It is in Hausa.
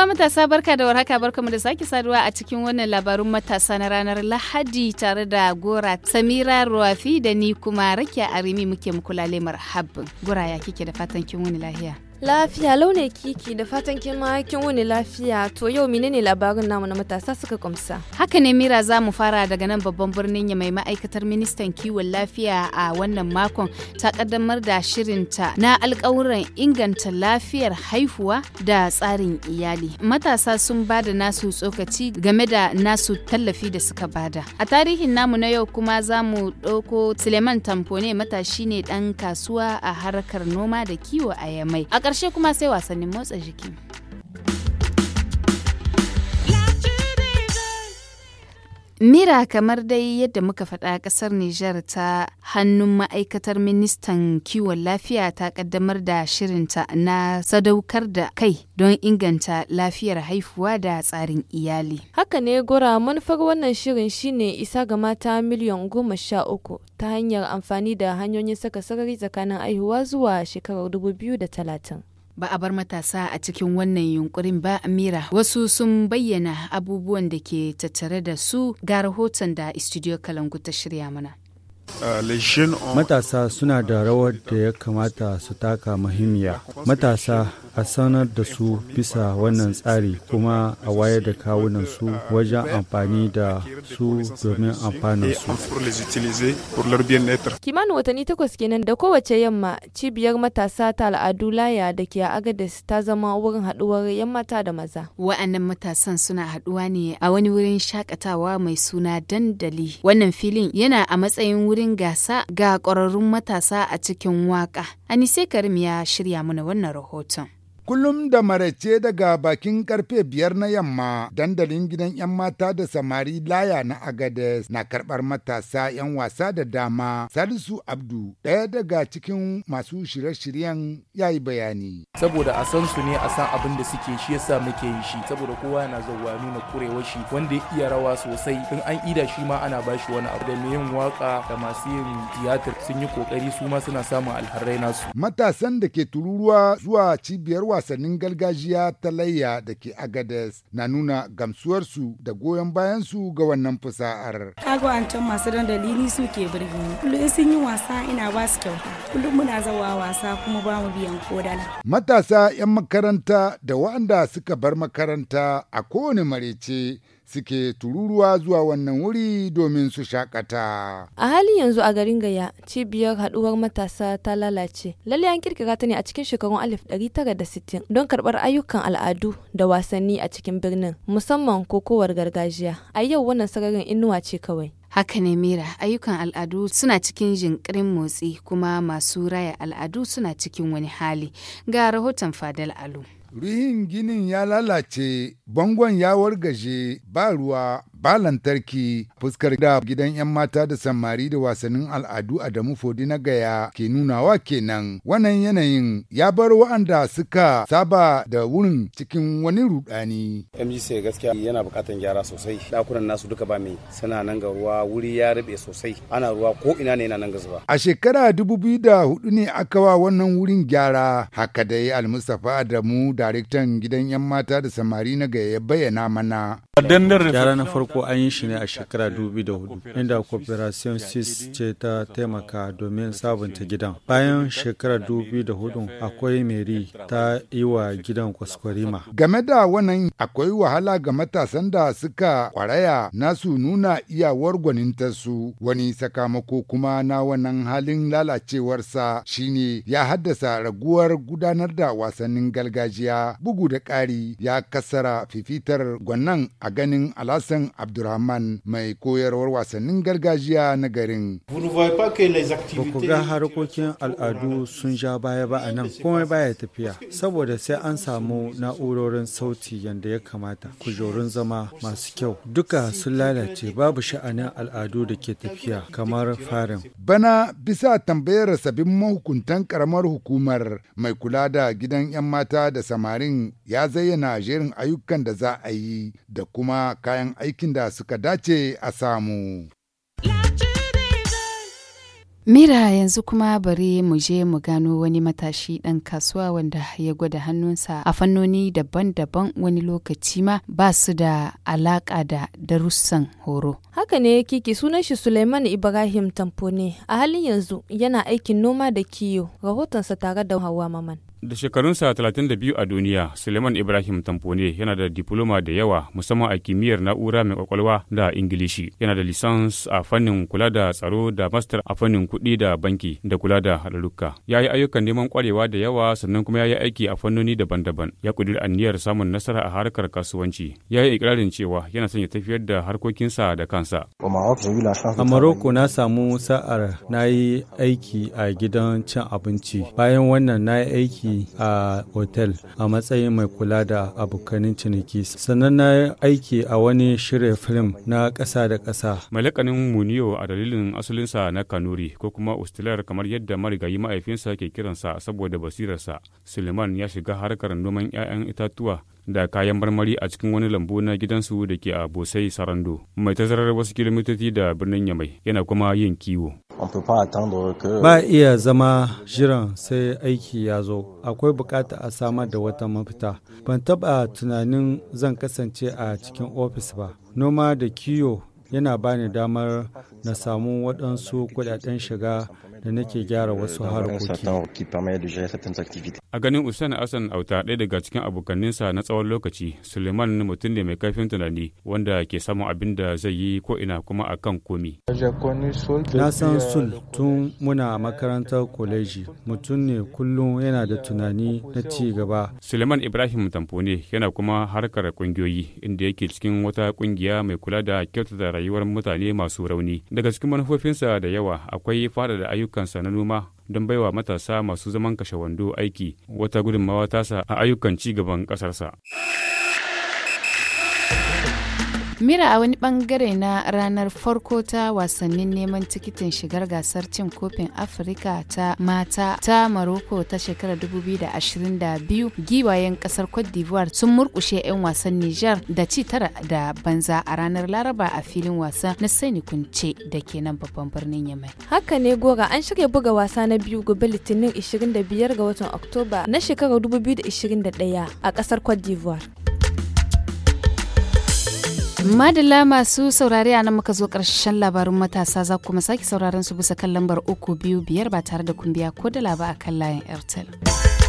uwa matasa barka da warhaka barka da sake saduwa a cikin wannan labarun matasa na ranar Lahadi tare da Gora Samira Ruwafi da ni kuma Rakiya Arimi muke mukulale lemar habbin. Gora ya kike da fatan kin wani lahiya? Lafiya launin kiki da fatan ke ma kin wani lafiya to yau menene labarin namu na matasa suka kumsa. Haka ne Mira za mu fara daga nan babban birnin ya mai ma'aikatar ministan kiwon lafiya a wannan makon ta kaddamar da shirinta na alkawuran inganta lafiyar haihuwa da tsarin iyali. Matasa sun ba da nasu tsokaci game da nasu tallafi da suka bada. A tarihin namu na yau kuma za mu ɗauko Suleiman Tamfone matashi ne ɗan kasuwa a harkar noma da kiwo a Yamai. ƙarshe kuma sai wasannin motsa jiki Mira kamar dai yadda muka faɗa ƙasar Nijar ta hannun ma'aikatar ministan kiwon lafiya ta ƙaddamar da shirinta na sadaukar da kai don inganta lafiyar haifuwa da tsarin iyali. Haka ne gora manufar wannan shirin shine isa ga mata miliyan goma sha uku ta hanyar amfani da hanyoyin saka sarari tsakanin aihuwa zuwa shekarar dubu biyu da talatin. ba a bar matasa a cikin wannan yunkurin ba Amira. Wasu sun bayyana abubuwan da ke tattare da su ga rahoton da Studio Kalangu ta shirya mana. Uh, matasa suna da rawar da ya kamata su taka muhimmiya. Matasa a sanar da su bisa wannan tsari kuma a wayar da kawunan su wajen amfani da su domin amfanin su. Kimanin watanni takwas kenan da kowace yamma cibiyar matasa ta al'adu laya da ke agadis ta zama wurin haɗuwar 'yan mata da maza. Wa'annan matasan suna haɗuwa ne a wani wurin shakatawa mai suna dandali. Wannan filin yana a matsayin wurin gasa ga ƙwararrun matasa a cikin waƙa. Anise Karim ya shirya mana wannan rahoton. Kullum da marace daga bakin karfe biyar na yamma dandalin gidan 'yan mata da samari laya na Agades na karɓar matasa 'yan wasa da dama Salisu Abdu ɗaya daga cikin masu shirye-shiryen ya yi bayani. Saboda a san su ne a san abin da suke shi yasa muke yi shi saboda kowa yana zauwa nuna kurewa shi wanda ya iya rawa sosai in an ida shi ma ana ba shi wani abu da mai yin waka da masu yin tiyatar sun yi kokari su ma suna samun alharrai nasu. Matasan da ke tururuwa zuwa cibiyar wasa wasannin gargajiya ta layya da ke Agades na nuna gamsuwarsu da goyon bayansu ga wannan fasa'ar. Kago an can masu dandali dalili su ke birgini. Kullum sun yi wasa ina ba su kyauta. Kullum muna zawa wasa kuma ba mu biyan kodala. Matasa 'yan makaranta da waɗanda suka bar makaranta a kowane marece suke tururuwa zuwa wannan wuri domin su shakata. A hali yanzu a garin Gaya, cibiyar haɗuwar matasa ta lalace. Lalle an kirkira ta ne a cikin shekarun 1960 don karɓar ayyukan al'adu da wasanni a cikin birnin, musamman kokowar gargajiya. A yau wannan sararin inuwa ce kawai. Haka ne Mira, ayyukan al'adu suna cikin jinkirin motsi kuma masu raya al'adu suna cikin wani hali. Ga rahoton Fadal Alu. ruhin ginin ya lalace bangon ya wargaje ba ruwa ba lantarki fuskar da gidan 'yan mata da samari da wasannin al'adu Adamu Fodi na Gaya ke nunawa kenan. Wannan yanayin ya bar wa'anda suka saba da wurin cikin wani rudani. MGC gaskiya yana bukatan gyara sosai. Dakunan nasu duka ba mai suna nan ga ruwa wuri ya rube sosai. Ana ruwa ko ina ne yana nan gazuba. A shekara dubu biyu da hudu ne aka wa wannan wurin gyara. Haka dai Almustapha Adamu daraktan gidan 'yan mata da samari na Gaya ya bayyana mana. Gyara na farko farko an yi shi ne a shekara hudu inda Cooperation 6 ce ta taimaka domin sabunta gidan. Bayan shekara hudu akwai Meri ta yi wa gidan kwaskwarima. Game da wannan akwai wahala ga matasan da suka kwaraya nasu nuna iyawar gwanintarsu wani sakamako kuma na wannan halin lalacewarsa shine ya haddasa raguwar gudanar da wasannin gargajiya bugu da ƙari ya kasara fifitar gwannan a ganin alasan Abdurrahman mai koyarwar wasannin gargajiya na garin. Ba ku ga harkokin al'adu sun ja baya ba a nan komai baya tafiya saboda sai an samu na'urorin sauti yadda ya kamata kujerun zama masu kyau duka sun lalace babu sha'anin al'adu da ke tafiya kamar farin. Bana bisa tambayar sabbin mahukuntan karamar hukumar mai kula da gidan 'yan mata da samarin ya zayyana jerin ayyukan da za a yi da kuma kayan aikin suka dace a samu. Mira yanzu kuma bari mu je mu gano wani matashi ɗan kasuwa wanda ya gwada hannunsa a fannoni daban-daban wani lokaci ma ba su da alaƙa da darussan horo. Haka ne ya kiki sunan shi Suleiman Ibrahim Tamfone a halin yanzu yana aikin noma da kiyo rahotonsa tare da Hawa Maman. Da shekarunsa 32 a duniya, Suleiman Ibrahim Tamfone yana da diploma da yawa musamman a kimiyyar na'ura mai kwakwalwa da Ingilishi. Yana da lisans a fannin kula da tsaro da master a fannin kuɗi da banki da kula da halarruka Ya yi ayyukan neman kwarewa da yawa sannan kuma ya yi aiki a fannoni daban-daban. Ya kudi aniyar samun nasara a harkar kasuwanci. Ya yi ikirarin cewa yana son ya tafiyar da harkokinsa da kansa. A Maroko na samu sa'ar na yi aiki a gidan cin abinci. Bayan wannan na yi aiki aiki a otel a matsayin mai kula da abokanin ciniki sannan na yi aiki a wani shirin film na ƙasa da ƙasa malakanin muniyo a dalilin asalinsa na kanuri ko kuma ustilar kamar yadda marigayi mahaifinsa ke kiransa saboda basirarsa suleiman ya shiga harkar noman 'ya'yan itatuwa da kayan marmari a cikin wani lambu na gidansu da ke a Bosai Sarando, mai tazarar wasu kilomitoci da birnin Yamai, yana kuma yin kiwo. Ba iya zama jiran sai aiki ya zo, akwai bukata a samar da wata mafita. Ban taba tunanin zan kasance a cikin ofis ba. Noma da kiwo yana bani damar na samu waɗansu kuɗaɗen shiga da nake gyara wasu harkoki. A ganin Usain Hassan Auta ɗaya daga cikin abokaninsa na tsawon lokaci, Suleiman mutum ne mai kaifin tunani wanda ke samun abin da zai yi ko ina kuma a kan komi. Na san Sul tun muna makarantar koleji, mutum ne kullum yana da tunani na ci gaba. Suleiman Ibrahim Tamfone yana kuma harkar kungiyoyi inda yake cikin wata kungiya mai kula da kyautata rayuwar mutane masu rauni. Daga cikin manufofinsa da yawa akwai fada da ayyuka ayyukansa na noma don baiwa matasa masu zaman kashe wando aiki wata gudunmawa tasa a ayyukan ci gaban ƙasarsa. Mira a wani bangare na ranar farko ta wasannin neman tikitin shigar gasar cin kofin Afirka ta mata ta Maroko ta shekarar 2022 giwayen kasar Cote d'Ivoire sun murkushe 'yan wasan Nijar da ci tara da banza a ranar Laraba a filin wasa na saini Kunce da ke nan babban birnin Yamai. Haka ne gora an shirya buga wasa na biyu gobe Litinin 25 ga watan Oktoba na shekarar 2021 a kasar Cote d'Ivoire. Madalla masu saurare a nan muka zo ƙarshen labarin matasa za kuma sake sauraron su bisa kan lambar uku biyu biyar ba tare da kumbiya ko da laba a kan layin Airtel.